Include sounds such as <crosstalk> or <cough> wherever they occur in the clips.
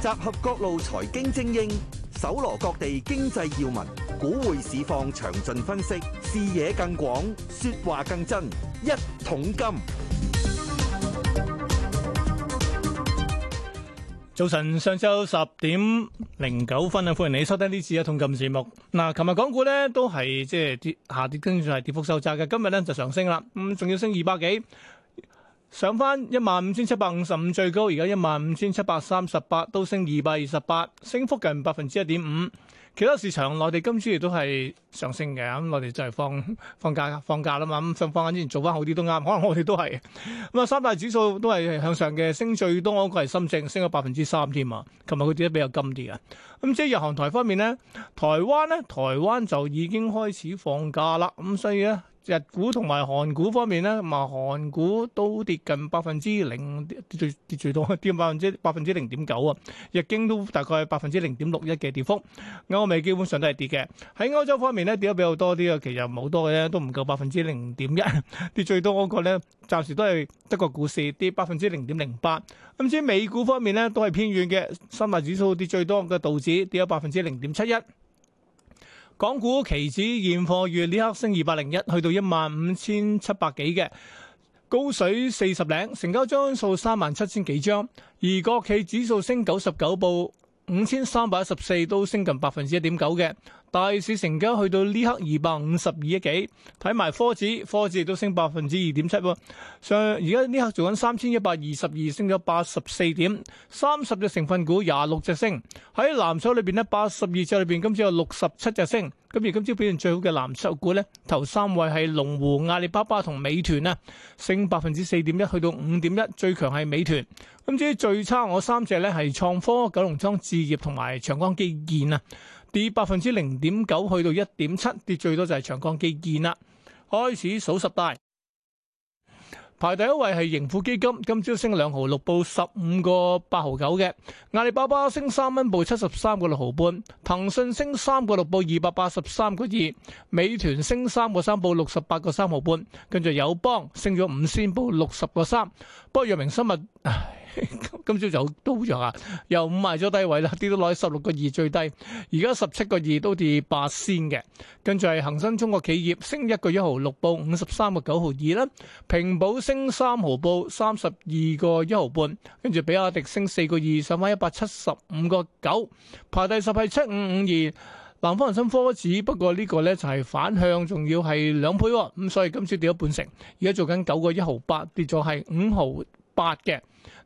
集合各路財經精英，搜羅各地經濟要聞，股匯市況詳盡分析，視野更廣，說話更真。一桶金。早晨，上晝十點零九分啊，歡迎你收聽呢次一桶金節目。嗱，琴日港股呢都係即係跌下跌，跟住係跌幅收窄嘅。今日呢就上升啦，咁仲要升二百幾。上翻一萬五千七百五十五最高，而家一萬五千七百三十八，都升二百二十八，升幅近百分之一點五。其他市場，內地今次亦都係上升嘅，咁我哋就係放放假放假啦嘛，咁放放假之前做翻好啲都啱，可能我哋都係。咁啊，三大指數都係向上嘅，升最多嗰個係深證，升咗百分之三添啊。琴日佢跌得比較金啲啊。咁即係日韓台方面咧，台灣咧，台灣就已經開始放假啦，咁所以咧。日股同埋韓股方面咧，咁啊韓股都跌近百分之零跌最跌最多，跌百分之百分之零點九啊。日經都大概百分之零點六一嘅跌幅，歐美基本上都係跌嘅。喺歐洲方面咧，跌得比較多啲啊，其實唔好多嘅，都唔夠百分之零點一，跌最多嗰個咧，暫時都係德國股市跌百分之零點零八。咁至於美股方面咧，都係偏遠嘅，三大指數跌最多嘅道指跌咗百分之零點七一。港股期指現貨月呢刻升二百零一，去到一萬五千七百幾嘅高水四十零，成交張數三萬七千幾張，而國企指數升九十九步五千三百一十四，5，都升近百分之一點九嘅。大市成交去到呢刻二百五十二億幾，睇埋科指，科指亦都升百分之二點七，上而家呢刻做緊三千一百二十二，升咗八十四點，三十隻成分股廿六隻升，喺藍籌裏邊呢八十二隻裏邊今朝有六十七隻升，咁而今朝表現最好嘅藍籌股呢，頭三位係龍湖、阿里巴巴同美團啊，升百分之四點一，去到五點一，最強係美團，咁至於最差嗰三隻呢，係創科、九龍倉置業同埋長江基建啊。跌百分之零點九去到一點七，跌最多就係長江基建啦。開始數十大，排第一位係盈富基金今，今朝升兩毫六，報十五個八毫九嘅。阿里巴巴升三蚊，報七十三個六毫半。騰訊升三個六，報二百八十三個二。美團升三個三，報六十八個三毫半。跟住友邦升咗五仙，報六十個三。不過藥明生物。 <laughs> 今朝就都好弱，又五埋咗低位啦，跌到落去十六個二最低。而家十七個二都跌八仙嘅。跟住係恒生中國企業升一個一毫六，報五十三個九毫二啦。平保升三毫報，報三十二個一毫半。跟住比亞迪升四個二，上翻一百七十五個九。排第十係七五五二南方恒生科指，不過呢個咧就係反向，仲要係兩倍咁，所以今朝跌咗半成。而家做緊九個一毫八，跌咗係五毫八嘅。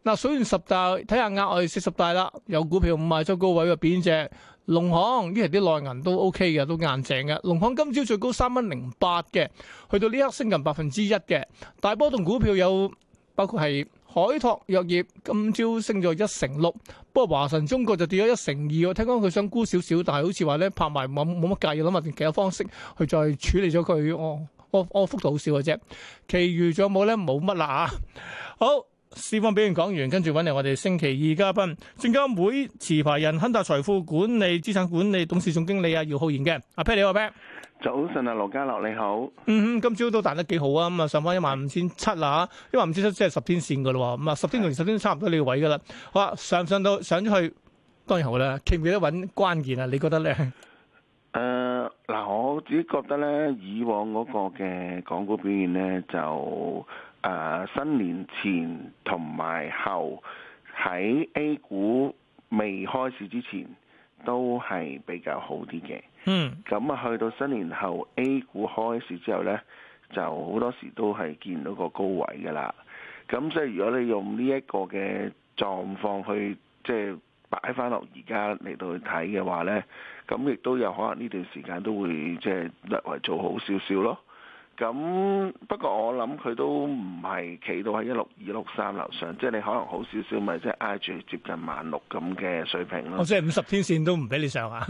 嗱，水完十大睇下額外四十大啦，有股票唔賣咗高位嘅邊隻？農行呢期啲內銀都 OK 嘅，都硬淨嘅。農行今朝最高三蚊零八嘅，去到呢刻升近百分之一嘅。大波動股票有包括係海拓藥業，今朝升咗一成六。6, 不過華晨中國就跌咗一成二，我聽講佢想沽少少，但係好似話咧拍埋冇冇乜計，諗下其他方式去再處理咗佢。我我我幅度好少嘅啫。哦哦哦哦哦哦哎，其餘仲有冇咧？冇乜啦吓。好。市況表現講完，跟住揾嚟我哋星期二嘉賓，證監會持牌人亨達財富管理資產管理董事總經理啊姚浩然嘅阿 Pat，你好 Pat，早晨啊羅家樂你好，嗯哼、嗯，今朝都彈得幾好啊，咁啊上翻一萬五千七啦吓，一萬五千七即係十天線噶啦，咁啊十天同十天差唔多呢個位噶啦，好啦，上唔上到？上咗去，當然好啦，記唔記得揾關鍵啊？你覺得咧？誒，嗱，我自己覺得咧，以往嗰個嘅港股表現咧就。誒、uh, 新年前同埋後喺 A 股未開市之前都係比較好啲嘅，嗯、mm.，咁啊去到新年後 A 股開市之後呢，就好多時都係見到個高位㗎喇。咁所以如果你用呢一個嘅狀況去即係擺返落而家嚟到去睇嘅話呢，咁亦都有可能呢段時間都會即係略為做好少少咯。咁不過我諗佢都唔係企到喺一六二六三樓上，即係你可能好少少咪即係挨住接近萬六咁嘅水平咯。我即係五十天線都唔俾你上啊！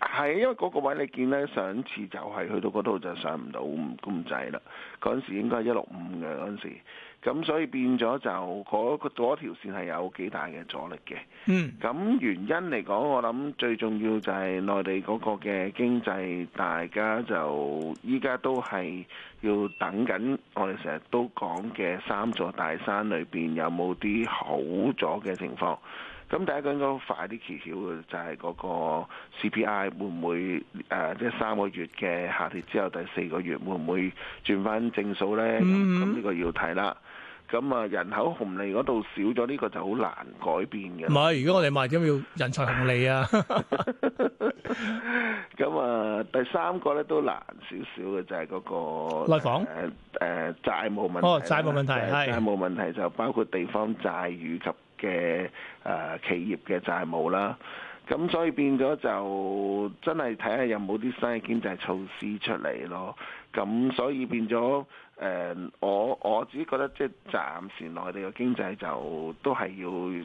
係 <laughs> 因為嗰個位你見呢，上次就係去到嗰度就上唔到咁滯啦。嗰陣時應該係一六五嘅嗰陣時。咁所以變咗就嗰個嗰條線係有幾大嘅阻力嘅。嗯。咁原因嚟講，我諗最重要就係內地嗰個嘅經濟，大家就依家都係要等緊。我哋成日都講嘅三座大山裏邊有冇啲好咗嘅情況？咁第一個應該快啲揭曉嘅就係嗰個 CPI 會唔會誒即係三個月嘅下跌之後，第四個月會唔會轉翻正數咧？嗯、mm。咁、hmm. 呢個要睇啦。咁啊，人口紅利嗰度少咗，呢、這個就好難改變嘅。唔係，如果我哋賣咗要人才紅利啊。咁啊，第三個咧都難少少嘅，就係、是、嗰、那個內房。誒誒、呃呃，債務問題哦，債務問題係，債務問題就包括地方債與及嘅誒企業嘅債務啦。咁、嗯、所以變咗就真係睇下有冇啲新嘅經濟措施出嚟咯。咁所以變咗誒、呃，我我自己覺得即係暫時內地嘅經濟就都係要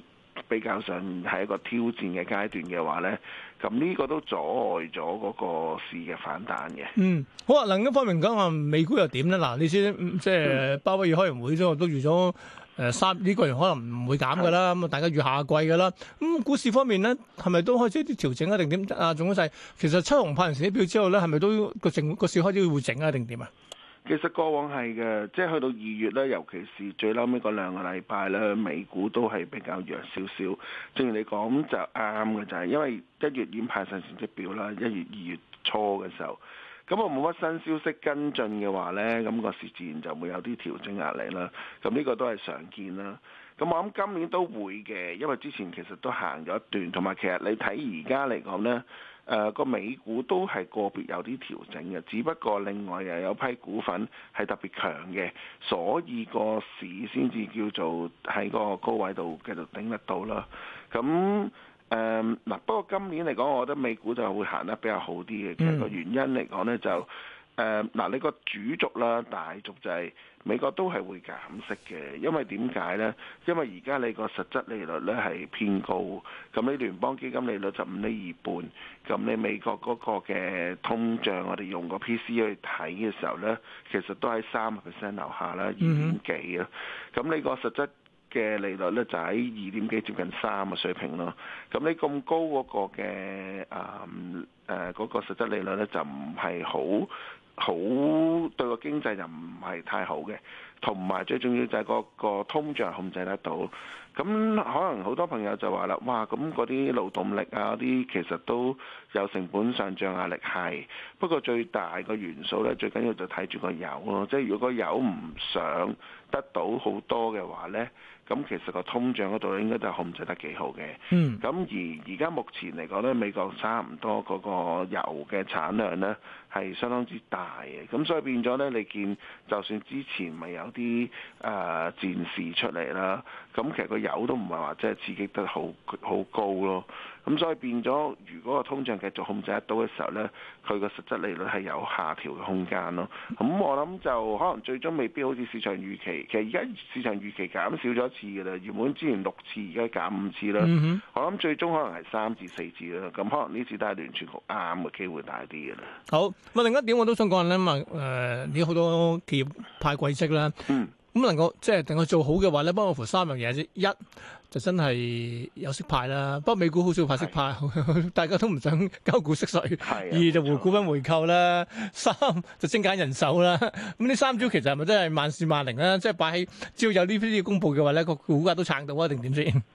比較上係一個挑戰嘅階段嘅話咧，咁呢個都阻礙咗嗰個市嘅反彈嘅。嗯，好啊，另一方面講話美股又點咧？嗱，你先即係鮑威爾開完會先，我都預咗。誒、呃，三呢、這個月可能唔會減噶啦，咁啊、嗯、大家預下的季噶啦。咁股市方面咧，係咪都開始一啲調整啊？定點啊？總之就係，其實七紅派完成績表之後咧，係咪都個成個市開始會整啊？定點啊？其實過往係嘅，即係去到二月咧，尤其是最嬲尾嗰兩個禮拜咧，美股都係比較弱少少。正如你講就啱嘅，就係因為一月已經派上成績表啦，一月二月初嘅時候。咁我冇乜新消息跟進嘅話呢，咁個市自然就會有啲調整壓力啦。咁呢個都係常見啦。咁我諗今年都會嘅，因為之前其實都行咗一段，同埋其實你睇而家嚟講呢，誒個美股都係個別有啲調整嘅，只不過另外又有批股份係特別強嘅，所以個市先至叫做喺個高位度繼續頂得到啦。咁。誒嗱、嗯，不過今年嚟講，我覺得美股就會行得比較好啲嘅。其實個原因嚟講咧，就誒嗱、呃，你個主軸啦、大族就係美國都係會減息嘅。因為點解咧？因為而家你個實質利率咧係偏高，咁你聯邦基金利率就五釐二半。咁你美國嗰個嘅通脹，我哋用個 PC 去睇嘅時候咧，其實都喺三個 percent 樓下啦，二點幾啦。咁、嗯、你個實質嘅利率咧就喺二點幾接近三嘅水平咯，咁你咁高嗰個嘅誒誒嗰個實質利率咧就唔係好好，對個經濟就唔係太好嘅，同埋最重要就係嗰個通脹控制得到，咁可能好多朋友就話啦，哇，咁嗰啲勞動力啊啲其實都有成本上漲壓力係，不過最大個元素咧，最緊要就睇住個油咯。即係如果油唔想得到好多嘅話咧，咁其實個通脹嗰度應該都控制得幾好嘅。嗯。咁而而家目前嚟講咧，美國差唔多嗰個油嘅產量咧係相當之大嘅，咁所以變咗咧，你見就算之前咪有啲誒、呃、戰事出嚟啦，咁其實個油都唔係話真係刺激得好好高咯。咁所以變咗，如果個通脹繼續控制得到嘅時候咧，佢個實質利率係有下調嘅空間咯。咁、嗯、我諗就可能最終未必好似市場預期，其實而家市場預期減少咗一次嘅啦，原本之前六次，而家減五次啦。嗯、哼我諗最終可能係三至四次啦。咁可能呢次都係完全局啱嘅機會大啲嘅啦。好，咁另一點我都想講咧，問誒，啲、呃、好多企業派股息啦。嗯。咁能夠即係等佢做好嘅話咧，幫我負三樣嘢啫。一就真係有息派啦，不過美股好少派息派，的 <laughs> 大家都唔想交股息稅。的二就回股份回購啦，的三 <laughs> 就精簡人手啦。咁呢三招其實係咪真係萬事萬靈咧？即係擺喺只要有呢啲公布嘅話咧，個股價都撐到啊定點先？ <laughs>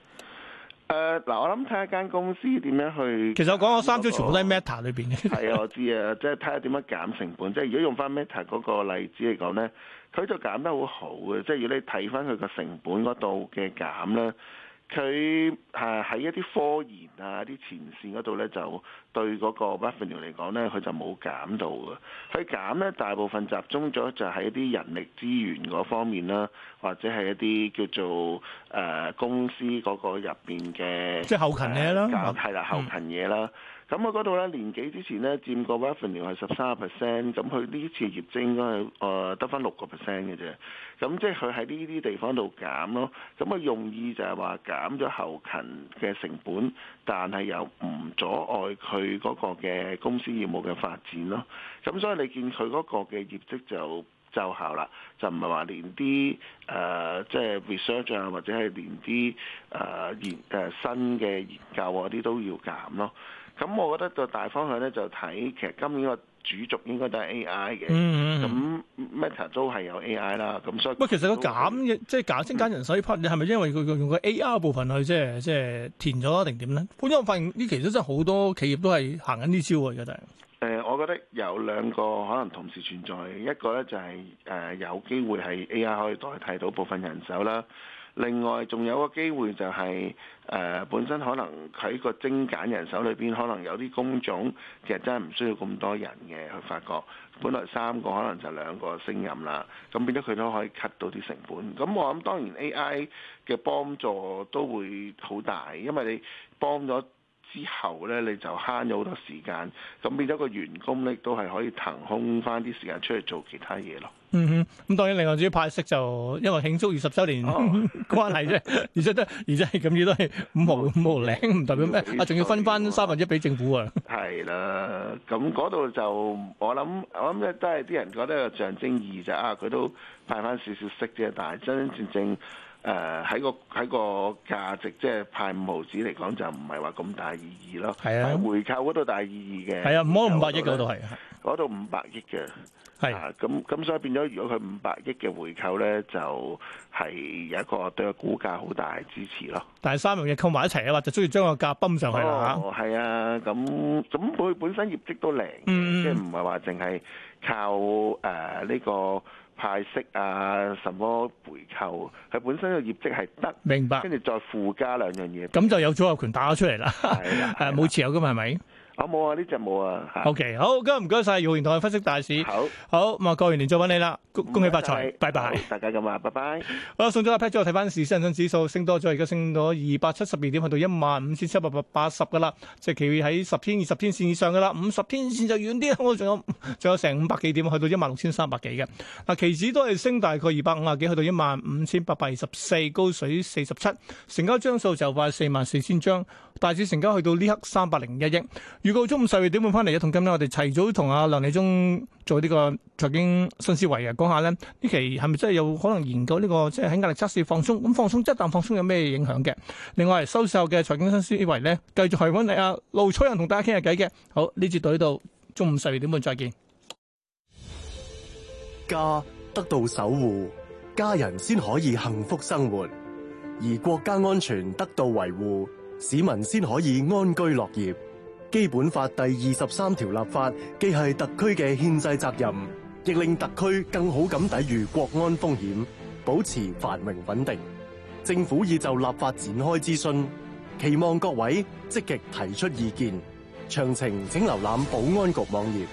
誒嗱、呃，我諗睇下間公司點樣去、那個，其實我講嘅三招全部都喺 Meta 裏邊嘅。係啊， <laughs> 我知啊，即係睇下點樣減成本。即係如果用翻 Meta 嗰個例子嚟講咧，佢就減得好好嘅。即係如果你睇翻佢個成本嗰度嘅減咧。佢誒喺一啲科研啊、啲前線嗰度咧，就對嗰個 revenue 嚟講咧，佢就冇減到嘅。佢減咧，大部分集中咗就喺一啲人力資源嗰方面啦，或者係一啲叫做誒、呃、公司嗰個入邊嘅，即後勤嘢啦，係啦、呃，後勤嘢啦。嗯咁我嗰度咧，年幾之前咧，佔個 Revenue 係十三個 percent，咁佢呢次業績應該係誒得翻六個 percent 嘅啫。咁、呃、即係佢喺呢啲地方度減咯。咁啊用意就係話減咗後勤嘅成本，但係又唔阻礙佢嗰個嘅公司業務嘅發展咯。咁所以你見佢嗰個嘅業績就奏效啦，就唔係話連啲誒即係 research 啊，呃就是 er, 或者係連啲誒研誒新嘅研究嗰啲都要減咯。咁我覺得個大方向咧就睇，其實今年個主軸應該都係 AI 嘅。嗯嗯。咁 Meta 都係有 AI 啦，咁所以。喂，其實個減嘅，即係減精減人手所以，你係咪因為佢佢用個 AR 部分去即係即係填咗啊，定點咧？本身我發現呢，其實真係好多企業都係行緊呢招啊，而家都。誒，我覺得有兩個可能同時存在，一個咧就係誒有機會係 AI 可以代替到部分人手啦。另外仲有個機會就係、是、誒、呃、本身可能佢個精簡人手裏邊可能有啲工種其實真係唔需要咁多人嘅，去發覺本來三個可能就兩個聲音啦，咁變咗佢都可以 cut 到啲成本。咁我諗當然 AI 嘅幫助都會好大，因為你幫咗。之後咧，你就慳咗好多時間，咁變咗個員工咧都係可以騰空翻啲時間出去做其他嘢咯。嗯哼，咁當然另外至於派息就因為慶祝二十周年、哦、 <laughs> 關係啫，而且都而且係咁樣都係五毫、哦、五毫零，唔代表咩？哦、啊，仲要分翻三分一俾政府啊？係啦，咁嗰度就我諗我諗咧都係啲人覺得有象徵意就啊，佢都派翻少，少少息啫，但係真真正，正。誒喺、呃、個喺個價值即係派五毫子嚟講就唔係話咁大意義咯，係啊，回購嗰度大意義嘅係啊，唔好五百億嗰度係攞到五百億嘅，係咁咁所以變咗如果佢五百億嘅回購咧就係、是、有一個對個股價好大支持咯。但係三樣嘢溝埋一齊啊嘛，就中意將個價泵上去。哦、啊！係啊咁，咁佢本身業績都靚即係唔係話淨係靠誒呢、嗯呃這個。派息啊，什麼回扣，佢本身嘅業績係得，明白，跟住再附加兩樣嘢，咁就有組合權打咗出嚟啦。係啊的，係啊，冇持有噶嘛，係咪的？好冇啊？呢隻冇啊！OK，好，今日唔該晒，姚賢同我分析大市。好，好，咁啊，過完年再揾你啦！恭恭喜發財，拜拜，大家咁話，拜拜。好啦，送咗阿 Pat 之後，睇翻市，恒生指數升多咗，而家升咗二百七十二點，去到一萬五千七百八八十噶啦，即係企喺十天、二十天線以上噶啦，五十天線就遠啲，我仲有仲有成五百幾點，去到一萬六千三百幾嘅。嗱，期指都係升大概二百五啊幾，去到一萬五千八百二十四，高水四十七，成交張數就快四萬四千張，大市成交去到呢刻三百零一億。預告中午十二點半翻嚟一同今日，我哋提早同阿梁李忠做呢個財經新思維啊，講下咧呢期係咪真係有可能研究呢個即係喺壓力測試放鬆咁放鬆？一旦放鬆有咩影響嘅？另外收售嘅財經新思維咧，繼續係搵你阿路彩仁同大家傾下偈嘅。好，呢節到呢度，中午十二點半再見。家得到守護，家人先可以幸福生活；而國家安全得到維護，市民先可以安居樂業。《基本法》第二十三條立法既係特區嘅憲制責任，亦令特區更好咁抵禦國安風險，保持繁榮穩定。政府已就立法展開諮詢，期望各位積極提出意見。詳情請瀏覽保安局網頁。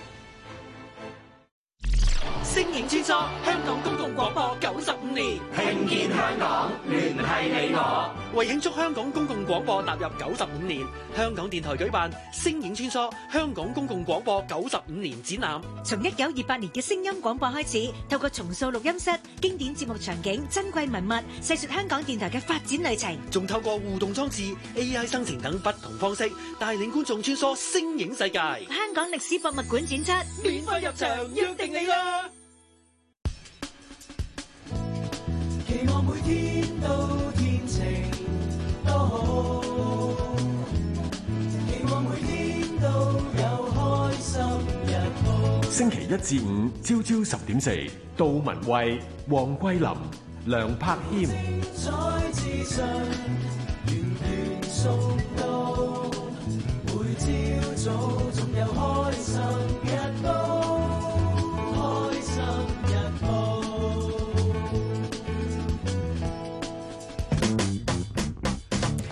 影穿梭香港公共廣播九十五年，聽見香港，聯繫你我，為慶祝香港公共廣播踏入九十五年，香港電台舉辦《聲影穿梭香港公共廣播九十五年展覽》。從一九二八年嘅聲音廣播開始，透過重塑錄音室、經典節目場景、珍貴文物，細說香港電台嘅發展旅程，仲透過互動裝置、AI 生成等不同方式，帶領觀眾穿梭聲影世界。香港歷史博物館展出，免費入場，約定你啦！星期一至五朝朝十點四，杜文蔚、黃桂林、梁柏謙。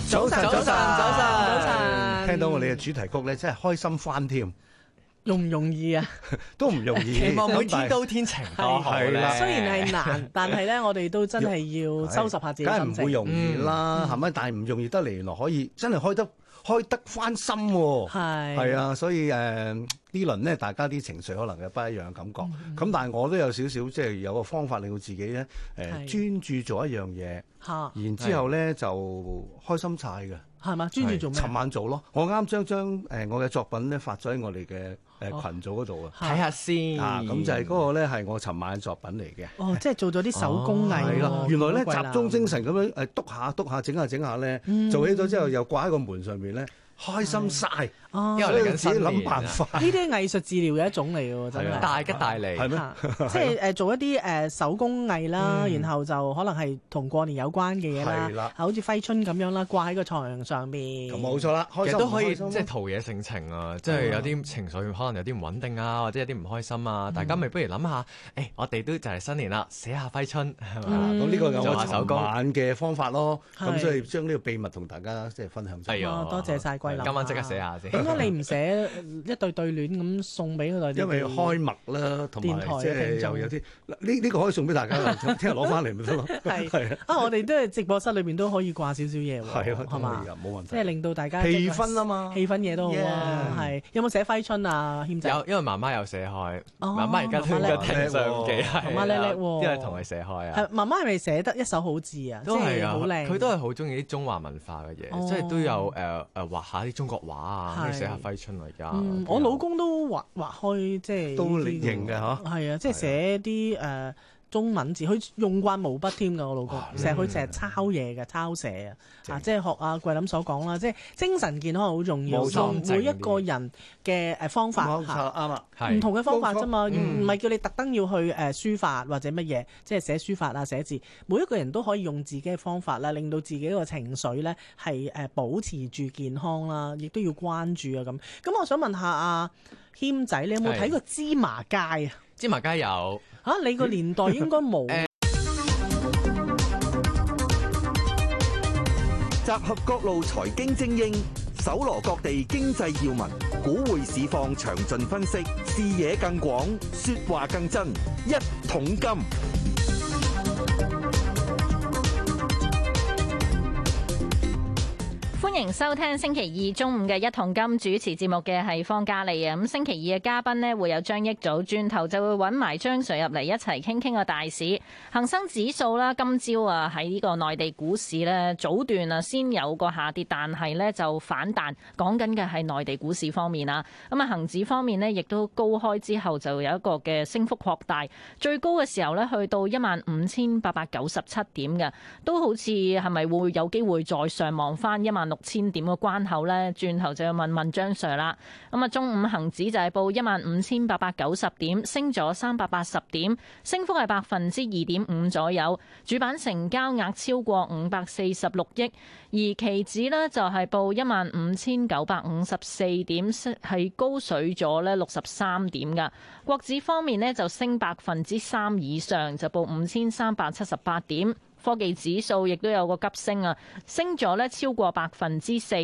早晨，早晨，早晨，早晨！聽到我哋嘅主題曲咧，真係開心翻添。容唔容易啊？都唔容易。希望每天都天晴都好啦。雖然係難，但係咧，我哋都真係要收拾下自己心情。梗係唔會容易啦，係咪？但係唔容易得嚟，原來可以真係開得開得翻心。係係啊，所以誒呢輪咧，大家啲情緒可能有不一樣嘅感覺。咁但係我都有少少即係有個方法令到自己咧，誒專注做一樣嘢。然之後咧就開心晒嘅。係嘛？專注做咩？尋晚做咯，我啱啱將將我嘅作品咧發咗喺我哋嘅誒羣組嗰度，哦、啊，睇下先。啊，咁就係嗰個咧係我尋晚嘅作品嚟嘅。哦，即係做咗啲手工藝。咯，哦。哦，原來咧集中精神咁樣誒篤下篤下，整下整下咧，做起咗之後又掛喺個門上面咧，開心晒。嗯哦，所以自己諗辦法，呢啲藝術治療嘅一種嚟喎，真係大吉大利，係咩？即係誒做一啲誒手工藝啦，然後就可能係同過年有關嘅嘢啦，好似揮春咁樣啦，掛喺個牀上邊，冇錯啦，其實都可以即係陶冶性情啊，即係有啲情緒可能有啲唔穩定啊，或者有啲唔開心啊，大家咪不如諗下，誒我哋都就嚟新年啦，寫下揮春係咪？咁呢個就手工嘅方法咯，咁所以將呢個秘密同大家即係分享咗，多謝晒貴樓，今晚即刻寫下先。點解你唔寫一對對聯咁送俾佢哋？因為開幕啦，同埋即係有有啲呢呢個可以送俾大家，聽日攞翻嚟咪得咯。啊！我哋都係直播室裏邊都可以掛少少嘢喎。係啊，係嘛？即係令到大家氣氛啊嘛，氣氛嘢都好啊。係有冇寫揮春啊？謙仔有，因為媽媽有寫開，媽媽而家聽上幾係，因為同佢寫開啊。係媽媽係咪寫得一手好字啊？都係啊，好靚。佢都係好中意啲中華文化嘅嘢，即係都有誒誒畫下啲中國畫啊。寫下揮春嚟㗎，我老公都畫畫，畫開，即係些都力型嘅嚇，係啊，即係寫啲誒。就是的中文字，佢用慣毛筆添㗎，我老公成日佢成日抄嘢嘅，抄寫啊，正 啊，即係學阿桂林所講啦，即係精神健康好重要，冇錯，用每一個人嘅誒、呃、方法嚇，唔同嘅方法啫嘛，唔係、嗯嗯、叫你特登要去誒、呃、書法或者乜嘢，即係寫書法啊、寫字，每一個人都可以用自己嘅方法啦，令到自己個情緒咧係誒保持住健康啦，亦都要關注啊咁。咁我想問下阿、啊、謙、啊啊、仔，你有冇睇過芝麻街啊？芝麻街有。嚇、啊！你個年代應該冇。 <laughs> 嗯、集合各路財經精英，搜羅各地經濟要聞，股匯市況詳盡分析，視野更廣，說話更真，一桶金。歡迎收聽星期二中午嘅一桶金，主持節目嘅係方嘉莉啊，咁星期二嘅嘉賓呢，會有張益祖，轉頭就會揾埋張 sir 入嚟一齊傾傾個大市。恒生指數啦，今朝啊喺呢個內地股市呢，早段啊先有個下跌，但係呢就反彈。講緊嘅係內地股市方面啦，咁啊恒指方面呢，亦都高開之後就有一個嘅升幅擴大，最高嘅時候呢，去到一萬五千八百九十七點嘅，都好似係咪會有機會再上望翻一萬六？千點嘅關口呢，轉頭就要問問張 Sir 啦。咁啊，中午恒指就係報一萬五千八百九十點，升咗三百八十點，升幅係百分之二點五左右。主板成交額超過五百四十六億，而期指呢，就係報一萬五千九百五十四點，係高水咗呢六十三點㗎。國指方面呢，就升百分之三以上，就報五千三百七十八點。科技指數亦都有個急升啊，升咗咧超過百分之四，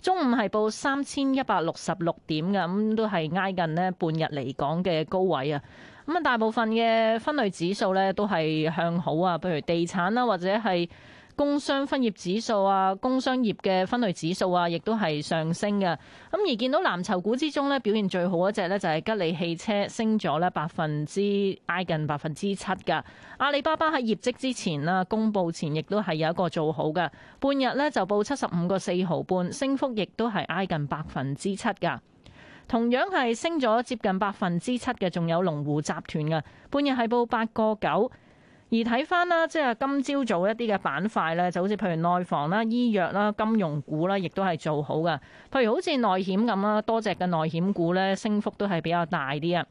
中午係報三千一百六十六點嘅，咁都係挨近咧半日嚟講嘅高位啊。咁啊，大部分嘅分類指數咧都係向好啊，譬如地產啦或者係。工商分業指數啊，工商業嘅分類指數啊，亦都係上升嘅。咁而見到藍籌股之中呢，表現最好一隻呢，就係吉利汽車升，升咗呢百分之挨近百分之七噶。阿里巴巴喺業績之前啦，公布前亦都係有一個做好嘅。半日呢，就報七十五個四毫半，升幅亦都係挨近百分之七噶。同樣係升咗接近百分之七嘅，仲有龍湖集團嘅，半日係報八個九。而睇翻啦，即係今朝早一啲嘅板塊咧，就好似譬如內房啦、醫藥啦、金融股啦，亦都係做好㗎。譬如好似內險咁啦，多隻嘅內險股咧，升幅都係比較大啲啊。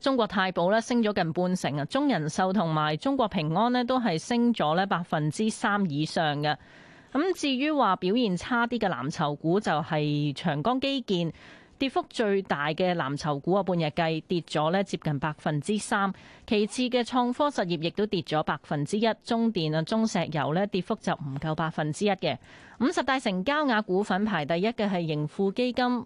中國太保咧升咗近半成啊，中人壽同埋中國平安呢，都係升咗咧百分之三以上嘅。咁至於話表現差啲嘅藍籌股就係長江基建。跌幅最大嘅藍籌股啊，半日計跌咗呢接近百分之三，其次嘅創科實業亦都跌咗百分之一，中電啊、中石油呢跌幅就唔夠百分之一嘅。五十大成交額股份排第一嘅係盈富基金。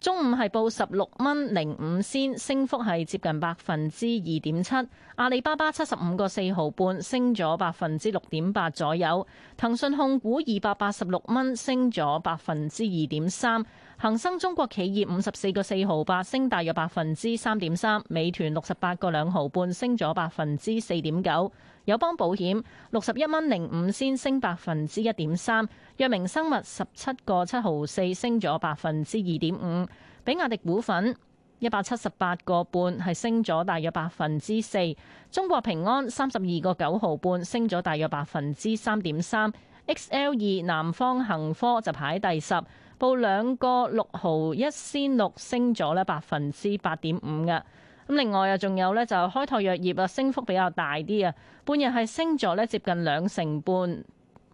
中午係報十六蚊零五仙，升幅係接近百分之二點七。阿里巴巴七十五個四毫半，升咗百分之六點八左右。騰訊控股二百八十六蚊，升咗百分之二點三。恒生中國企業五十四個四毫八，升大約百分之三點三。美團六十八個兩毫半，升咗百分之四點九。友邦保險六十一蚊零五仙升百分之一點三，藥明生物十七個七毫四升咗百分之二點五，比亞迪股份一百七十八個半係升咗大約百分之四，中國平安三十二個九毫半升咗大約百分之三點三，XL 二南方恒科就排第十，報兩個六毫一仙六升咗咧百分之八點五嘅。咁另外啊，仲有咧就開拓藥業啊，升幅比較大啲啊，半日係升咗咧接近兩成半，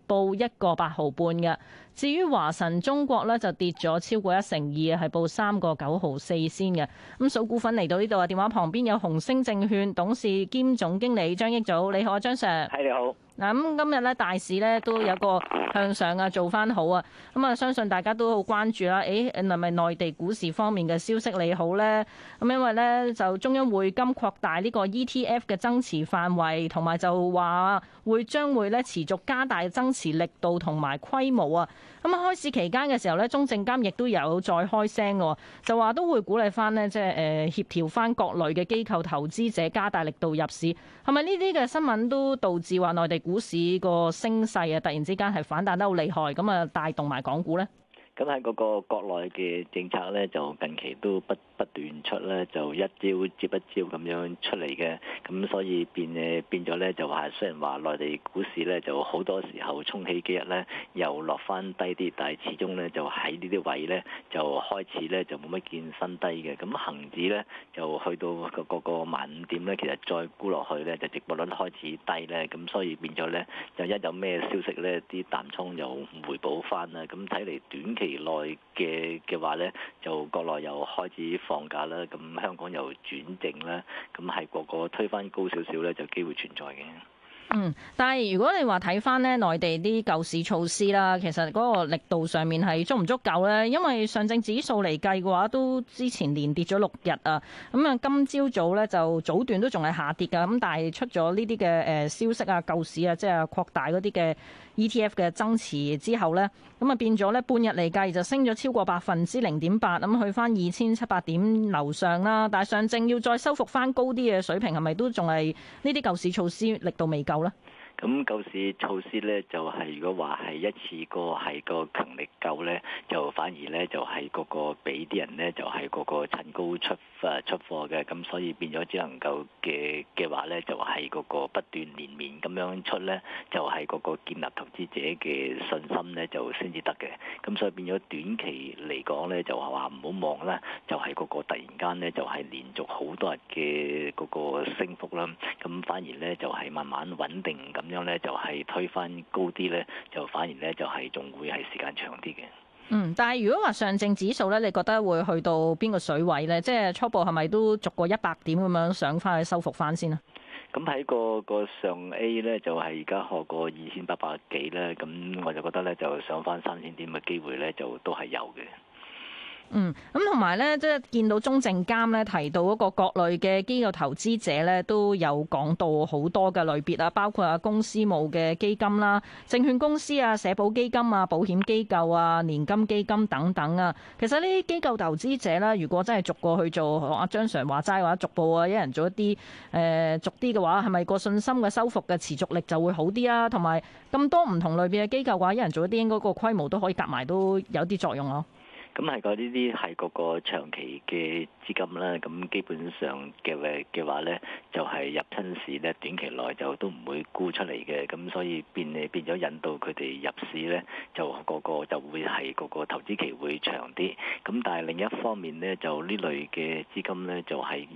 報一個八毫半嘅。至於華晨中國咧，就跌咗超過一成二啊，係報三個九毫四先嘅。咁數股份嚟到呢度啊，電話旁邊有紅星證券董事兼總經理張益祖，你好，張 sir。係，你好。嗱咁今日咧大市咧都有個向上啊，做翻好啊，咁啊相信大家都好關注啦。誒、哎，係咪內地股市方面嘅消息利好呢，咁因為呢就中央匯金擴大呢個 ETF 嘅增持範圍，同埋就話會將會咧持續加大增持力度同埋規模啊。咁啊開市期間嘅時候咧，中證監亦都有再開聲嘅，就話都會鼓勵翻呢，即係誒協調翻各類嘅機構投資者加大力度入市。係咪呢啲嘅新聞都導致話內地股市個升勢啊，突然之間係反彈得好厲害，咁啊帶動埋港股咧。咁喺嗰個國內嘅政策咧，就近期都不不斷出咧，就一招接一招咁樣出嚟嘅。咁所以變誒變咗咧，就話雖然話內地股市咧，就好多時候沖起幾日咧，又落翻低啲，但係始終咧就喺呢啲位咧，就開始咧就冇乜見新低嘅。咁恒指咧就去到個個個萬五點咧，其實再沽落去咧，就值博率開始低咧。咁所以變咗咧，就一有咩消息咧，啲淡倉又回補翻啦。咁睇嚟短期。內嘅嘅話呢，就國內又開始放假啦，咁香港又轉正啦，咁係個個推返高少少呢，就機會存在嘅。嗯，但係如果你話睇返呢內地啲救市措施啦，其實嗰個力度上面係足唔足夠呢？因為上證指數嚟計嘅話，都之前連跌咗六日啊，咁啊今朝早呢，就早段都仲係下跌㗎，咁但係出咗呢啲嘅誒消息啊，救市啊，即係擴大嗰啲嘅。ETF 嘅增持之後呢，咁啊變咗呢半日嚟計就升咗超過百分之零點八，咁去翻二千七百點樓上啦。但係上證要再收復翻高啲嘅水平，係咪都仲係呢啲救市措施力度未夠呢？咁救市措施咧，就係如果話係一次過係個強力救咧，就反而咧就係嗰個俾啲人咧就係嗰個趁高出啊出貨嘅，咁所以變咗只能夠嘅嘅話咧，就係嗰個不斷連綿咁樣出咧，就係嗰個建立投資者嘅信心咧，就先至得嘅。咁所以變咗短期嚟講咧，就係話唔好望啦，就係嗰個突然間咧就係連續好多日嘅嗰個升幅啦，咁反而咧就係慢慢穩定咁。咁樣咧就係推翻高啲咧，就反而咧就係仲會係時間長啲嘅。嗯，但係如果話上證指數咧，你覺得會去到邊個水位咧？即係初步係咪都逐個一百點咁樣上翻去收復翻先啊？咁喺個個上 A 咧，就係而家學過二千八百幾啦。咁我就覺得咧，就上翻三千點嘅機會咧，就都係有嘅。嗯，咁同埋咧，即係見到中證監咧提到嗰個國內嘅機構投資者咧，都有講到好多嘅類別啊，包括啊公司務嘅基金啦、證券公司啊、社保基金啊、保險機構啊、年金基金等等啊。其實呢啲機構投資者咧，如果真係逐個去做，阿張常 i r 話齋嘅話，逐步啊一人做一啲誒、呃、逐啲嘅話，係咪個信心嘅修復嘅持續力就會好啲啊？同埋咁多唔同類別嘅機構嘅話，一人做一啲，應該個規模都可以夾埋都有啲作用咯。咁係個呢啲係嗰個長期嘅。資金啦，咁基本上嘅嘅話咧，就係入親市咧，短期內就都唔會沽出嚟嘅，咁所以變誒變咗引導佢哋入市咧，就個個就會係個個投資期會長啲。咁但係另一方面咧，就呢類嘅資金咧，就係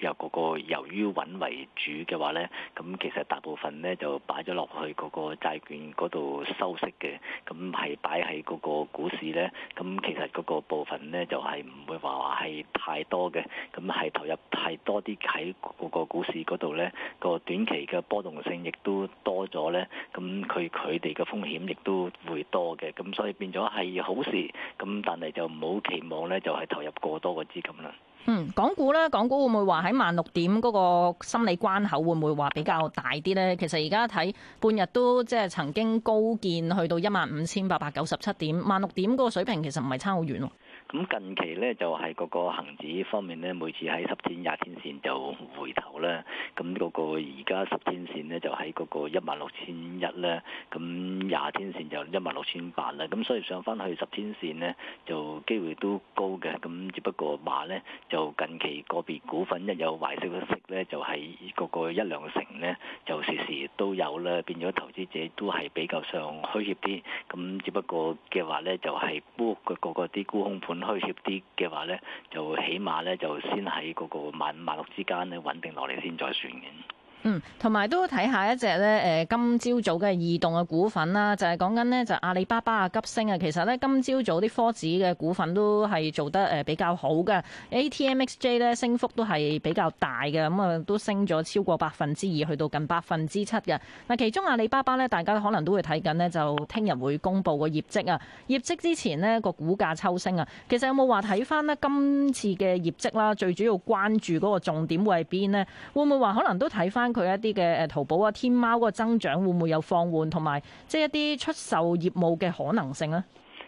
由個個由於穩為主嘅話咧，咁其實大部分咧就擺咗落去個個債券嗰度收息嘅，咁係擺喺個個股市咧，咁其實個個部分咧就係唔會話話係太多嘅，咁係投入係多啲喺個股市嗰度呢。個短期嘅波動性亦都多咗呢。咁佢佢哋嘅風險亦都會多嘅，咁所以變咗係好事，咁但係就唔好期望呢，就係投入過多嘅資金啦。嗯，港股呢，港股會唔會話喺萬六點嗰個心理關口會唔會話比較大啲呢？其實而家睇半日都即係曾經高見去到一萬五千八百九十七點，萬六點嗰個水平其實唔係差好遠喎。咁近期咧，就係個個恆指方面咧，每次喺十天廿天線就回頭啦。咁、那個個而家十天線咧，就喺嗰個一萬六千一啦。咁廿天線就一萬六千八咧。咁所以上翻去十天線咧，就機會都高嘅。咁只不過話咧，就近期個別股份一有壞消息咧，就係個個一兩成咧，就時時都有啦。變咗投資者都係比較上虛怯啲。咁只不過嘅話咧，就係、是、沽個個個啲沽空盤。開闢啲嘅話咧，就起碼咧就先喺嗰個萬五萬六之間咧穩定落嚟先再算嘅。 <music> <music> 嗯，同埋都睇下一隻呢誒，今朝早嘅移動嘅股份啦，就係講緊呢，就是、阿里巴巴啊急升啊，其實呢，今朝早啲科指嘅股份都係做得誒比較好嘅，A T M X J 呢，升幅都係比較大嘅，咁、嗯、啊都升咗超過百分之二，去到近百分之七嘅。嗱，其中阿里巴巴呢，大家可能都會睇緊呢，就聽日會公布個業績啊，業績之前呢，個股價抽升啊，其實有冇話睇翻呢？今次嘅業績啦，最主要關注嗰個重點會喺邊呢？會唔會話可能都睇翻？佢一啲嘅誒淘寶啊、天貓個增長會唔會有放緩，同埋即係一啲出售業務嘅可能性咧？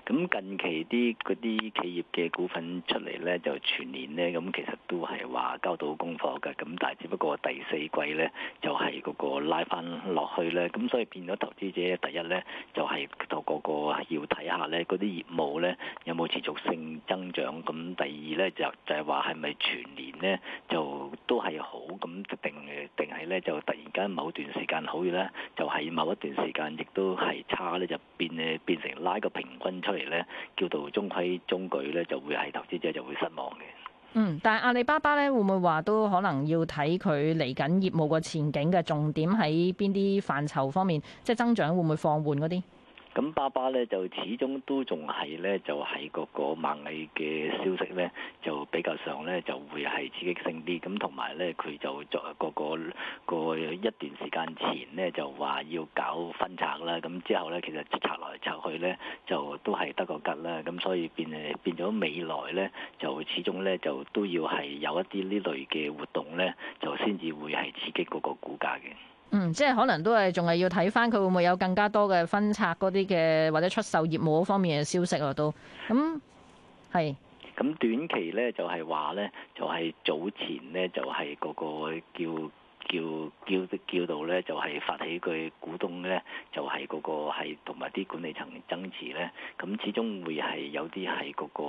咁近期啲嗰啲企業嘅股份出嚟咧，就全年咧咁其實都係話交到功課嘅，咁但係只不過第四季咧就係、是、嗰個拉翻落去咧，咁所以變咗投資者第一咧就係就嗰個要睇下咧嗰啲業務咧有冇持續性增長，咁第二咧就是、就係話係咪全年咧就都係好，咁定定係咧就突然間某段時間好咧，就係、是、某一段時間亦都係差咧，就變變變成拉個平均出。嚟咧，叫做中規中矩咧，就會係投資者就會失望嘅。嗯，但係阿里巴巴咧，會唔會話都可能要睇佢嚟緊業務個前景嘅重點？喺邊啲範疇方面，即係增長會唔會放緩嗰啲？咁巴巴咧就始終都仲係咧，就係、是、嗰個螞蟻嘅消息咧，就比較上咧就會係刺激性啲。咁同埋咧，佢就作個個個一段時間前咧就話要搞分拆啦。咁之後咧，其實拆來拆去咧就都係得個吉啦。咁所以變變咗未來咧就始終咧就都要係有一啲呢類嘅活動咧，就先至會係刺激嗰個股價嘅。嗯，即係可能都係，仲係要睇返佢會唔會有更加多嘅分拆嗰啲嘅或者出售業務嗰方面嘅消息咯，都咁係。咁短期咧就係話咧，就係、是就是、早前咧就係、是、個個叫。叫叫叫到咧，就係、是、發起佢，股東咧，就係、是、嗰個係同埋啲管理層增持咧，咁始終會係有啲係嗰個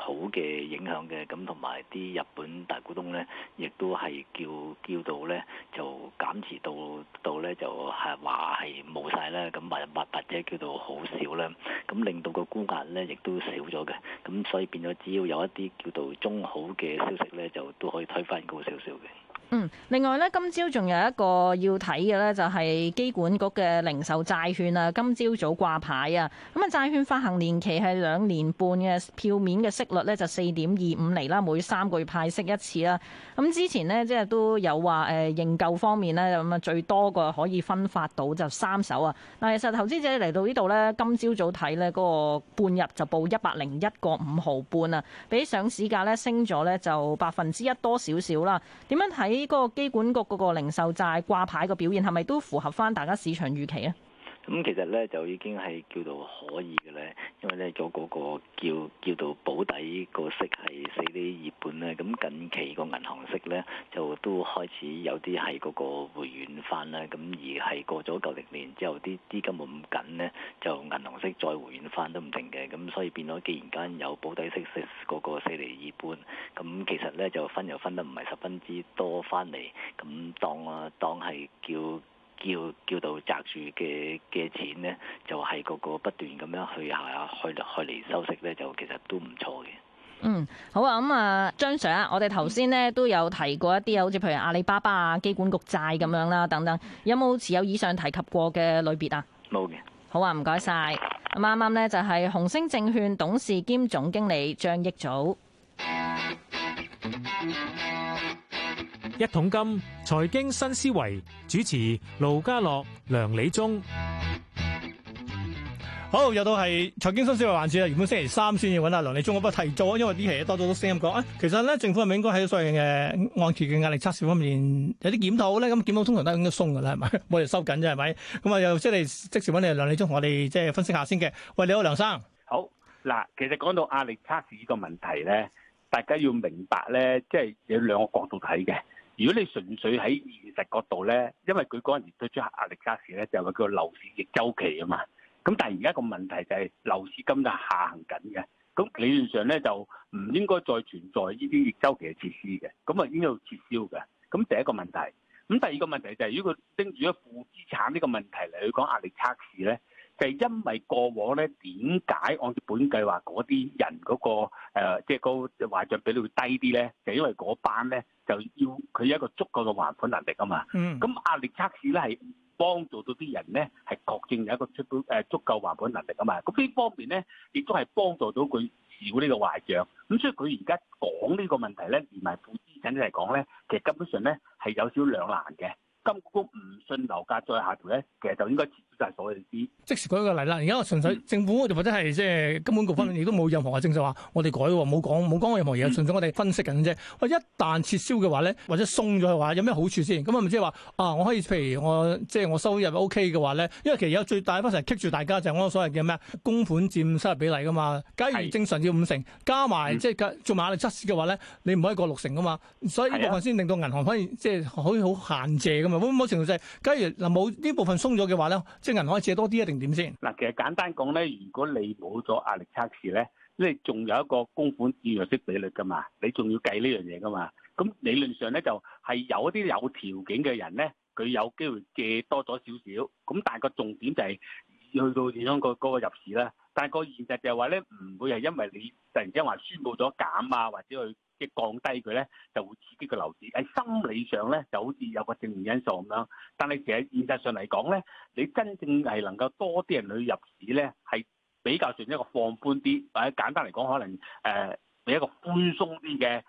好嘅影響嘅，咁同埋啲日本大股東咧，亦都係叫叫到咧，就減持到到咧就係話係冇晒啦，咁或或者叫做好少啦，咁令到個沽壓咧亦都少咗嘅，咁所以變咗只要有一啲叫做中好嘅消息咧，就都可以推翻高少少嘅。嗯，另外呢，今朝仲有一個要睇嘅呢，就係、是、機管局嘅零售債券啊，今朝早，早掛牌啊，咁、嗯、啊，債券發行年期係兩年半嘅，票面嘅息率呢就四點二五厘啦，每三個月派息一次啦。咁、嗯、之前呢，即係都有話誒認購方面呢，咁啊，最多個可以分發到就三手啊。嗱、嗯，其實投資者嚟到呢度呢，今朝早睇呢、嗰個半日就報一百零一個五毫半啊，比上市價呢升咗呢就百分之一多少少啦。點樣睇？呢個機管局嗰個零售債掛牌個表現係咪都符合翻大家市場預期呢？咁、嗯、其實咧就已經係叫做可以嘅咧，因為咧做嗰個叫叫、叫做保底個息係四厘二半咧，咁近期個銀行息咧就都開始有啲係嗰個回軟翻啦，咁而係過咗舊曆年之後啲資金冇咁緊咧，就銀行息再回軟翻都唔定嘅，咁所以變咗既然間有保底息息個個四厘二半，咁其實咧就分又分得唔係十分之多翻嚟，咁當啊當係叫。叫叫到擸住嘅嘅錢呢，就係、是、個個不斷咁樣去下下去去嚟收息呢，就其實都唔錯嘅、嗯。嗯，好啊，咁啊，張 Sir 啊，我哋頭先呢都有提過一啲好似譬如阿里巴巴啊、機管局債咁樣啦，等等，有冇持有以上提及過嘅類別啊？冇嘅。好啊，唔該晒。咁啱啱呢就係紅星證券董事兼總經理張益祖。 <music> 一桶金財經新思維主持，盧家樂、梁理忠。好，又到係財經新思維環節啊！原本星期三先要揾阿梁理忠，我不提早啊，因為呢期多咗都先咁講啊。其實咧，政府係咪應該喺所謂嘅按揭嘅壓力測試方面有啲檢討咧？咁檢討通常都應該鬆噶啦，係咪冇人收緊啫？係咪咁啊？又即係即時揾你阿梁理忠，我哋即係分析下先嘅。喂，你好，梁生。好嗱，其實講到壓力測試呢個問題咧，大家要明白咧，即係有兩個角度睇嘅。如果你純粹喺現實角度咧，因為佢嗰陣時推出壓力測試咧，就話叫做樓市逆周期啊嘛。咁但係而家個問題就係樓市今就下行緊嘅，咁理論上咧就唔應該再存在呢啲逆周期嘅設施嘅，咁啊應該要撤銷嘅。咁第一個問題，咁第二個問題就係如果佢拎住一個負資產呢個問題嚟去講壓力測試咧，就係因為過往咧點解按照本計劃嗰啲人嗰個誒即係個壞帳比率會低啲咧？就因為嗰班咧。就要佢有一個足夠嘅還款能力啊嘛，咁、嗯、壓力測試咧係幫助到啲人咧係確定有一個足夠誒足夠還款能力啊嘛，咁呢方面咧亦都係幫助到佢少呢個壞賬，咁所以佢而家講呢個問題咧，連埋負資產嚟講咧，其實根本上咧係有少兩難嘅。金管局唔信樓價再下調咧，其實就應該撤銷曬所有啲。即時舉個例啦，而家我純粹政府、嗯、或者係即係根本局分，亦都冇任何嘅政策話，我哋改喎，冇講冇講任何嘢，嗯、純粹我哋分析緊啫。喂，一旦撤銷嘅話咧，或者送咗嘅話，有咩好處先？咁啊，咪即係話啊，我可以譬如我即係我收入 O K 嘅話咧，因為其實有最大一筆嘢棘住大家就係、是、我所謂嘅咩供款佔收入比例㗎嘛。假如正常要五成，加埋、嗯嗯、即係做埋壓力測試嘅話咧，你唔可以過六成㗎嘛。所以呢部分先令到銀行可以即係可以好限借㗎。冇冇程度就係，假如嗱冇呢部分鬆咗嘅話咧，即係銀行借多啲一定點先？嗱，其實簡單講咧，如果你冇咗壓力測試咧，你仲有一個供款與入息比率噶嘛，你仲要計呢樣嘢噶嘛。咁理論上咧就係有一啲有條件嘅人咧，佢有機會借多咗少少。咁但係個重點就係去到最終嗰嗰個入市啦。但係個現實就係話咧，唔會係因為你突然之間話宣布咗減啊，或者去。即係降低佢咧，就會刺激個樓市。喺心理上咧，就好似有個正面因素咁樣。但係其實現實上嚟講咧，你真正係能夠多啲人去入市咧，係比較算一個放寬啲，或者簡單嚟講，可能誒係、呃、一個寬鬆啲嘅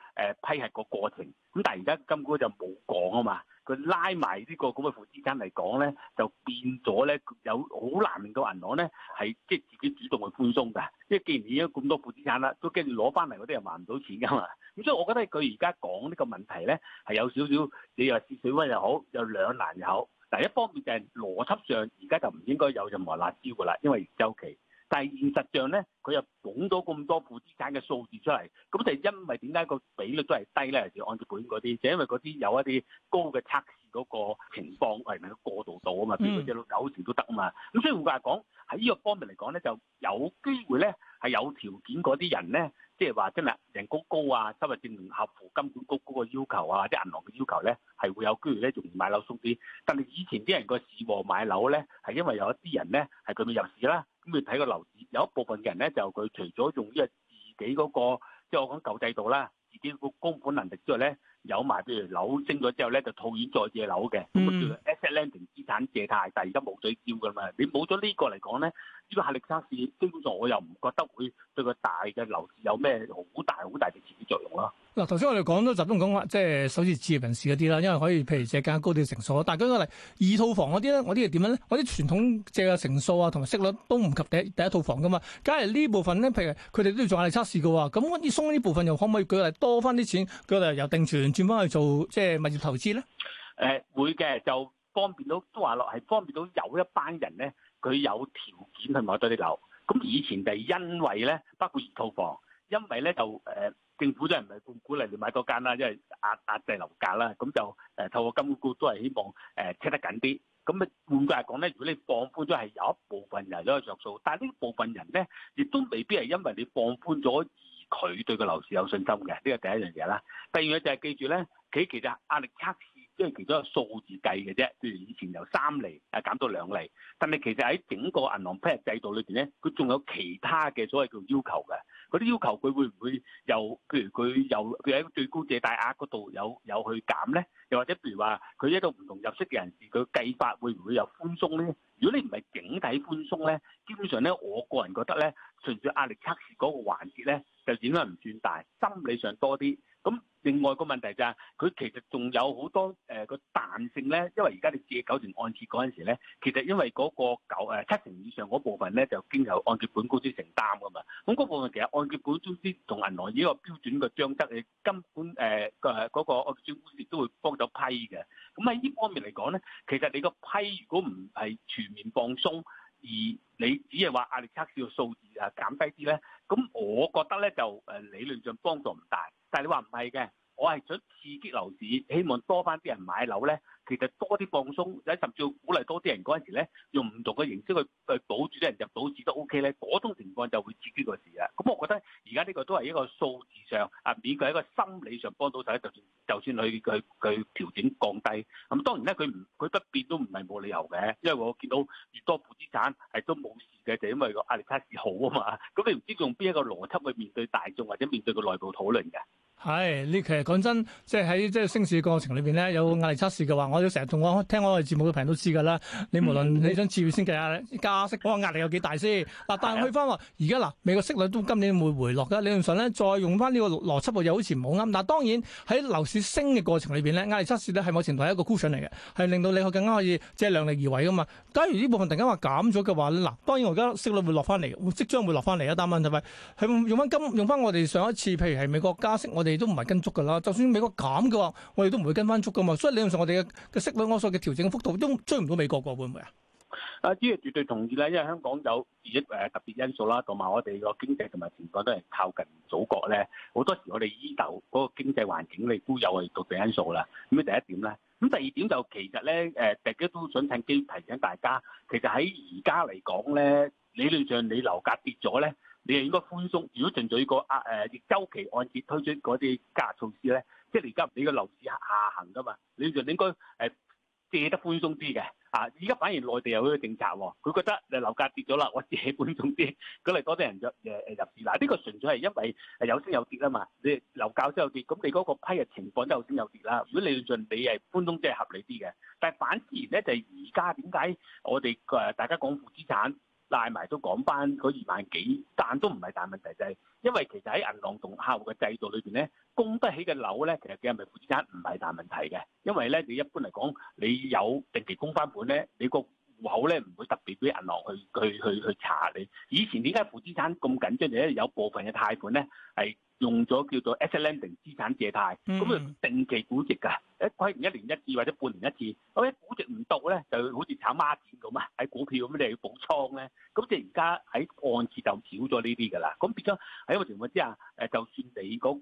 誒批核個過程。咁、嗯、但係而家根本就冇講啊嘛。佢拉埋呢個咁嘅負資產嚟講咧，就變咗咧，有好難令到銀行咧係即係自己主動去寬鬆㗎。即係既然已經咁多負資產啦，都跟住攞翻嚟嗰啲人還唔到錢㗎嘛。咁所以我覺得佢而家講呢個問題咧，係有少少，你話試水溫又好，有兩難又好。第一方面就係邏輯上，而家就唔應該有任何辣椒㗎啦，因為周期。但係現實上咧，佢又拱咗咁多負資產嘅數字出嚟，咁就因為點解個比率都係低咧？就按照本嗰啲，就係、因為嗰啲有一啲高嘅測試嗰個情況係咪過度到啊嘛？嗯，俾佢借到九成都得啊嘛。咁所以換句話講，喺呢個方面嚟講咧，就有機會咧係有條件嗰啲人咧，即係話真係人工高啊，收入證明合乎金管局嗰個要求啊，或者銀行嘅要求咧，係會有機會咧仲買樓鬆啲。但係以前啲人個市旺買樓咧，係因為有一啲人咧係佢備入市啦。咁你睇個樓市，有一部分人咧，就佢除咗用呢個自己嗰個，即係我講舊制度啦，自己個供款能力之外咧。有埋，譬如樓升咗之後咧，就套現再借樓嘅，咁啊叫做 asset lending 資產借貸，但係而家冇對焦噶嘛。你冇咗呢個嚟講咧，呢個壓力測試基本上我又唔覺得會對個大嘅樓市有咩好大好大嘅刺激作用咯。嗱，頭先我哋講咗集中講翻，即係首次置業人士嗰啲啦，因為可以譬如借更高啲嘅成數，但係舉個例，二套房嗰啲咧，我啲係點樣咧？我啲傳統借嘅成數啊，同埋息率都唔及第一第一套房噶嘛。假如呢部分咧，譬如佢哋都要做壓力測試嘅喎，咁溫啲鬆呢部分又可唔可以舉例多翻啲錢，舉例有定存？轉翻去做即係、就是，物業投資咧？誒會嘅，就方便到都話落係方便到有一班人咧，佢有條件去買多啲樓。咁以前就係因為咧，包括二套房，因為咧就誒、呃、政府都係唔係鼓鼓勵你買多間啦，因為壓壓制樓價啦。咁就誒、呃、透過金管局都係希望誒 check、呃、得緊啲。咁啊換句話講咧，如果你放寬咗，係有一部分人咧着數，但係呢部分人咧，亦都未必係因為你放寬咗。佢對個樓市有信心嘅，呢個第一樣嘢啦。第二樣就係記住咧，佢其實壓力測試，因為其中有數字計嘅啫。譬如以前由三厘啊減到兩厘。但係其實喺整個銀行 pat 制度裏邊咧，佢仲有其他嘅所謂叫要求嘅。嗰啲要求佢會唔會又譬如佢又佢喺最高借貸額嗰度有有去減咧？又或者譬如話佢一個唔同入息嘅人士，佢計法會唔會有寬鬆咧？如果你唔係整體寬鬆咧，基本上咧，我個人覺得咧，純粹壓力測試嗰個環節咧。就影響唔算大，心理上多啲。咁另外個問題就係，佢其實仲有好多誒、呃、個彈性咧。因為而家你借九成按揭嗰陣時咧，其實因為嗰個九誒、呃、七成以上嗰部分咧就經由按揭本公司承擔噶嘛。咁、那、嗰、個、部分其實按揭本公司同銀行呢個標準嘅章則，你根本誒誒嗰個按揭公司都會幫咗批嘅。咁喺呢方面嚟講咧，其實你個批如果唔係全面放鬆，而你只係話壓力測試嘅數字誒、啊、減低啲咧。咁我覺得咧就誒理論上幫助唔大，但係你話唔係嘅。我係想刺激樓市，希望多翻啲人買樓咧。其實多啲放鬆，或者甚至要鼓勵多啲人嗰陣時咧，用唔同嘅形式去去保住啲人入到市都 OK 咧。嗰種情況就會刺激個市啦。咁我覺得而家呢個都係一個數字上啊，以及一個心理上幫到手。就算就算佢佢佢調整降低，咁當然咧，佢唔佢不變都唔係冇理由嘅。因為我見到越多負資產係都冇事嘅，就因為個壓力測試好啊嘛。咁你唔知用邊一個邏輯去面對大眾或者面對個內部討論嘅？係、哎，你其實講真，即係喺即係升市嘅過程裏邊咧，有壓力測試嘅話，我哋成日同我聽我哋節目嘅朋友都知㗎啦。你無論你想節約先計下加息嗰個壓力有幾大先。嗱、啊，但係去翻話而家嗱，美國息率都今年會回落㗎。理論上咧，再用翻呢個邏輯，又好似唔好啱。但當然喺樓市升嘅過程裏邊咧，壓力測試咧係某程度係一個 cushion 嚟嘅，係令到你可更加可以即係量力而為㗎嘛。假如呢部分突然間話減咗嘅話，嗱，當然我而家息率會落翻嚟，會即將會落翻嚟一，但問題係用翻今用翻我哋上一次，譬如係美國加息，我哋。你都唔係跟足噶啦，就算美國減嘅話，我哋都唔會跟翻足噶嘛。所以理論上，我哋嘅嘅息率安數嘅調整幅度都追唔到美國嘅，會唔會啊？啊，呢個絕對同意啦，因為香港有自己誒特別因素啦，同埋我哋個經濟同埋情況都係靠近祖國咧。好多時我哋依舊嗰個經濟環境，你都有係獨特因素啦。咁第一點咧，咁第二點就其實咧，誒、呃，大家都想趁機提醒大家，其實喺而家嚟講咧，理論上你樓價跌咗咧。你係應該寬鬆，如果純粹呢個啊誒週期按揭推出嗰啲加壓措施咧，即係你而家唔俾個樓市下行噶嘛，你就應該誒借得寬鬆啲嘅。啊，而家反而內地有好多政策，佢覺得誒樓價跌咗啦，我借寬鬆啲，咁嚟多啲人入誒誒入市。嗱，呢個純粹係因為有升有跌啊嘛，你樓價先有跌，咁你嗰個批嘅情況都有升有跌啦。如果你盡你係寬鬆，即係合理啲嘅，但係反而咧就係而家點解我哋誒大家講負資產？帶埋都講翻嗰二萬幾，但都唔係大問題，就係因為其實喺銀行同客戶嘅制度裏邊咧，供得起嘅樓咧，其實佢係咪負資產唔係大問題嘅，因為咧你一般嚟講，你有定期供翻款咧，你個戶口咧唔會特別俾銀行去去去去查你。以前點解負資產咁緊張就係有部分嘅貸款咧係。用咗叫做 asset lending 資產借貸，咁佢定期估值噶，誒規一年一次或者半年一次，咁一估值唔到咧，就好似炒孖展咁啊，喺股票咁你要補倉咧，咁即係而家喺按揭就少咗呢啲噶啦，咁變咗喺個情況之下，誒就算你嗰、那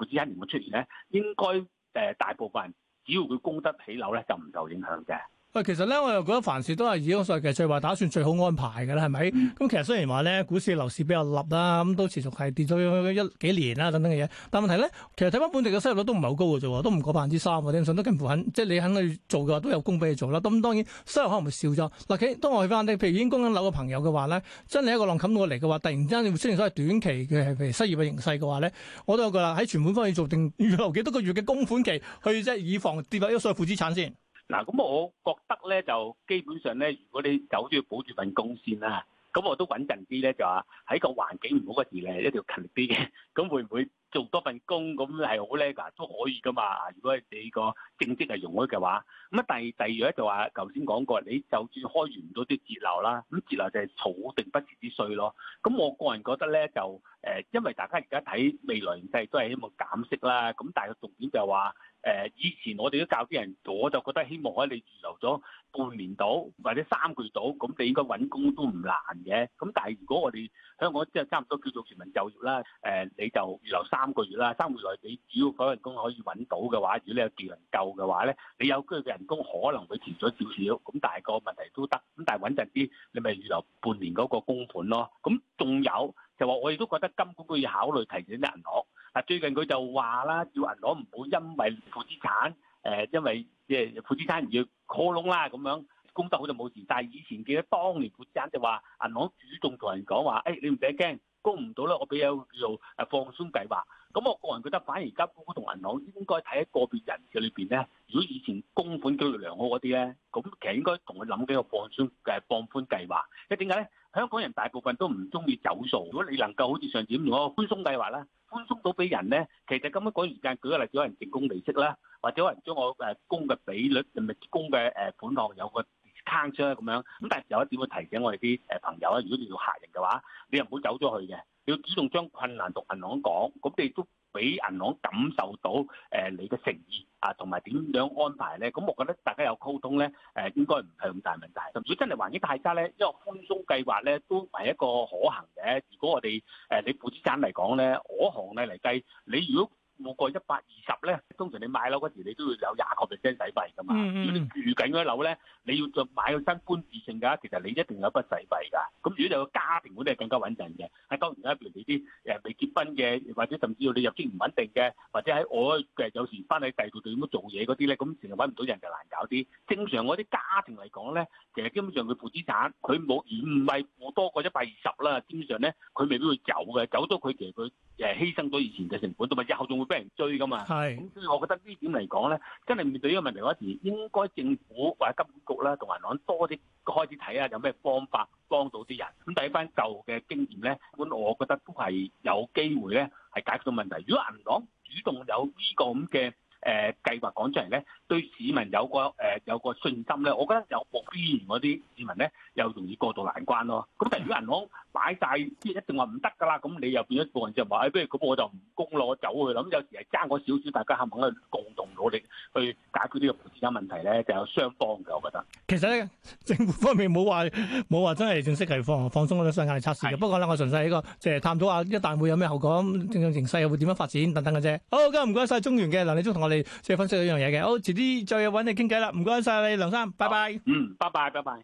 個誒負資產情況出現咧，應該誒大部分人只要佢供得起樓咧，就唔受影響嘅。喂，其實咧，我又覺得凡事都係以我所嘅最話打算最好安排嘅啦，係咪？咁、嗯、其實雖然話咧，股市、樓市比較立啦，咁都持續係跌咗一幾年啦、啊、等等嘅嘢。但問題咧，其實睇翻本地嘅失業率都唔係好高嘅啫，都唔過百分之三啊，聽上都近乎肯，即係你肯去做嘅話都有工俾你做啦。咁當然失業可能會少咗。嗱，當我去翻譬如已經供緊樓嘅朋友嘅話咧，真係一個浪冚到嚟嘅話，突然之間會出現所謂短期嘅譬如失業嘅形勢嘅話咧，我都有句啦，喺全本方面做定預留幾多個月嘅供款期去即係以防跌落一個所謂負資產先。嗱，咁、啊、我覺得咧就基本上咧，如果你有啲要保住份工先啦，咁我都穩陣啲咧就話喺個環境唔好嗰時咧，一定要勤力啲嘅，咁會唔會做多份工咁係好叻㗎？都可以噶嘛。如果你個正職係容許嘅話，咁啊第第二咧就話，頭先講過，你就算開源到啲節流啦。咁節流就係儲定不時之需咯。咁我個人覺得咧就誒、呃，因為大家而家睇未來形勢都係希望減息啦。咁但係重點就係話，誒以前我哋都教啲人，我就覺得希望咧，你預留咗半年到或者三個月到，咁你應該揾工都唔難嘅。咁但係如果我哋香港即係差唔多叫做全民就業啦，誒你就預留三個月啦，三個月內你只要嗰份工可以揾到嘅話，如果你有技能夠嘅話咧，你有機會嘅人工可能會遲咗少少，咁但係個問題都得。咁但係穩陣啲，你咪預留半年嗰個工盤咯。咁仲有就話我亦都覺得金管局要考慮提醒啲銀行。啊！最近佢就話啦，叫銀行唔好因為負資產，誒，因為即係負資產要 call loan 啦咁樣，供得好就冇事。但係以前記得當年負資產就話，銀行主動同人講話，誒，你唔使驚，供唔到咧，我俾有叫做誒放鬆計劃。咁我個人覺得，反而而家政府同銀行應該睇個別人嘅裏邊咧，如果以前供款記錄良好嗰啲咧，咁其實應該同佢諗幾個放鬆誒放寬計劃。即係點解咧？香港人大部分都唔中意走數，如果你能夠好似上次咁用嗰個寬鬆計劃啦，寬鬆到俾人咧，其實咁樣嗰段時間，舉個例子，有人淨供利息啦，或者有人將我誒供嘅比率，定係供嘅誒款項有個 cancel 咁樣，咁但係有一點要提醒我哋啲誒朋友啊，如果你要客人嘅話，你又唔好走咗去嘅，你要主動將困難同銀行講，咁你都，俾銀行感受到誒你嘅誠意啊，同埋點樣安排咧？咁我覺得大家有溝通咧，誒應該唔係咁大問題。如果真係環境太差咧，因為寬鬆計劃咧都係一個可行嘅。如果我哋誒你負資產嚟講咧，我行咧嚟計，你如果冇過一百二十咧，通常你買樓嗰時你都要有廿個 percent 使費㗎嘛。Mm hmm. 如果你住緊嗰樓咧，你要再買個新官字性㗎，其實你一定有筆使費㗎。咁如果你個家庭嗰啲係更加穩陣嘅。係當然啦，譬如你啲誒未結婚嘅，或者甚至要你入資唔穩定嘅，或者喺我嘅有時返喺第度度咁樣做嘢嗰啲咧，咁成日揾唔到人就難搞啲。正常我啲家庭嚟講咧，其實基本上佢負資產，佢冇而唔係冇多過一百二十啦。基本上咧，佢未必會走嘅，走咗佢其實佢。誒犧牲咗以前嘅成本，同埋日後仲會俾人追㗎嘛？係，咁所以我覺得呢點嚟講咧，真係面對呢個問題嗰陣時，應該政府或者金管局咧同銀行多啲開始睇下，有咩方法幫到啲人？咁睇翻舊嘅經驗咧，咁我覺得都係有機會咧，係解決到問題。如果銀行主動有呢個咁嘅，誒、 <noise> 呃、計劃講出嚟咧，對市民有個誒、呃、有個信心咧，我覺得有冇必然嗰啲市民咧又容易過度難關咯。咁但係如果銀行擺晒，一定話唔得㗎啦。咁你又變咗一部分就話，不如咁我就唔供咯，走去啦。咁有時係爭個少少，大家合埋一齊共同努力去解決呢個之間問題咧，就有雙方嘅。我覺得其實咧，政府方面冇話冇話真係正式係放放鬆嗰啲壓力測試嘅。的不過咧，我純粹呢個即係探討一下，一旦會有咩後果，正常形勢會點樣發展等等嘅啫。好，今日唔該晒中原嘅林李同學。即係分析到呢樣嘢嘅。好，遲啲再搵你傾偈啦，唔該晒你，梁生，拜拜。嗯，拜拜，拜拜。